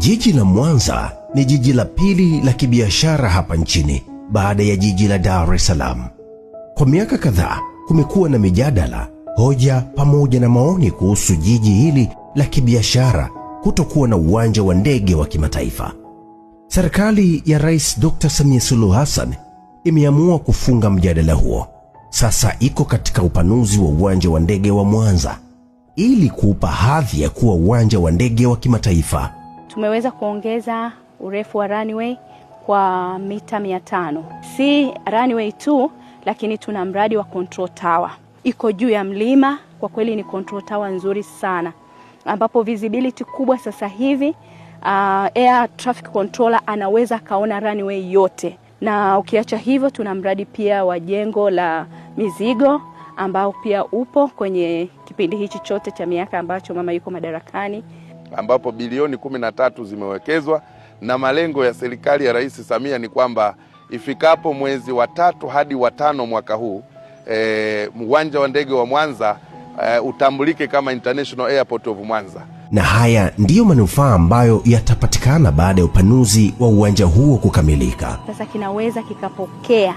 Jiji la Mwanza ni jiji la pili la kibiashara hapa nchini baada ya jiji la Dar es Salaam. Kwa miaka kadhaa kumekuwa na mijadala, hoja pamoja na maoni kuhusu jiji hili la kibiashara kutokuwa na uwanja wa ndege wa kimataifa. Serikali ya Rais Dr. Samia Suluhu Hassan imeamua kufunga mjadala huo. Sasa iko katika upanuzi wa uwanja wa ndege wa Mwanza ili kuupa hadhi ya kuwa uwanja wa ndege wa kimataifa. Tumeweza kuongeza urefu wa runway kwa mita mia tano. Si runway tu, lakini tuna mradi wa control tower, iko juu ya mlima. Kwa kweli ni control tower nzuri sana, ambapo visibility kubwa sasa hivi uh, air traffic controller anaweza akaona runway yote, na ukiacha hivyo, tuna mradi pia wa jengo la mizigo ambao pia upo kwenye kipindi hichi chote cha miaka ambacho mama yuko madarakani ambapo bilioni kumi na tatu zimewekezwa na malengo ya serikali ya Rais Samia ni kwamba ifikapo mwezi wa tatu hadi wa tano mwaka huu e, uwanja wa ndege wa Mwanza e, utambulike kama International Airport of Mwanza. Na haya ndiyo manufaa ambayo yatapatikana baada ya upanuzi wa uwanja huo kukamilika. Sasa kinaweza kikapokea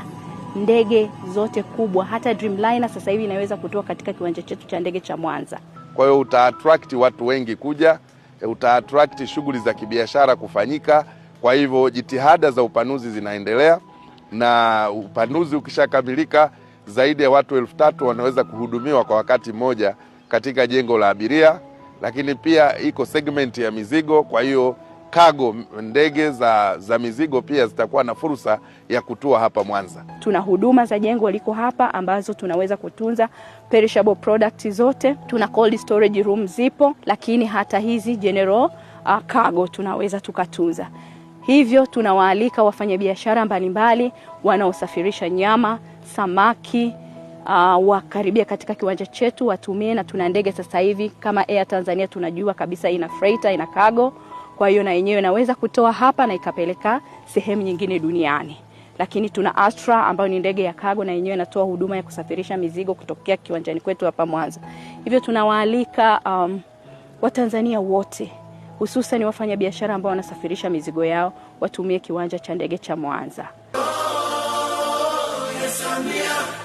ndege zote kubwa, hata Dreamliner sasa hivi inaweza kutoa katika kiwanja chetu cha ndege cha Mwanza. Kwa hiyo utaattract watu wengi kuja Eh, utaattract shughuli za kibiashara kufanyika. Kwa hivyo jitihada za upanuzi zinaendelea, na upanuzi ukishakamilika, zaidi ya watu elfu tatu wanaweza kuhudumiwa kwa wakati mmoja katika jengo la abiria, lakini pia iko segment ya mizigo, kwa hiyo cargo ndege za, za mizigo pia zitakuwa na fursa ya kutua hapa Mwanza. Tuna huduma za jengo liko hapa ambazo tunaweza kutunza perishable product zote, tuna cold storage room zipo, lakini hata hizi general uh, cargo tunaweza tukatunza. Hivyo tunawaalika wafanyabiashara mbalimbali wanaosafirisha nyama, samaki Uh, wakaribia katika kiwanja chetu watumie, na tuna ndege sasa hivi kama Air Tanzania tunajua kabisa ina freighter, ina cargo kwa hiyo na yenyewe naweza kutoa hapa na ikapeleka sehemu nyingine duniani. Lakini tuna Astra ambayo ni ndege ya kago na yenyewe inatoa huduma ya kusafirisha mizigo kutokea kiwanjani kwetu hapa Mwanza. Hivyo tunawaalika um, Watanzania wote hususan wafanyabiashara ambao wanasafirisha mizigo yao watumie kiwanja cha ndege cha Mwanza. Oh, yes,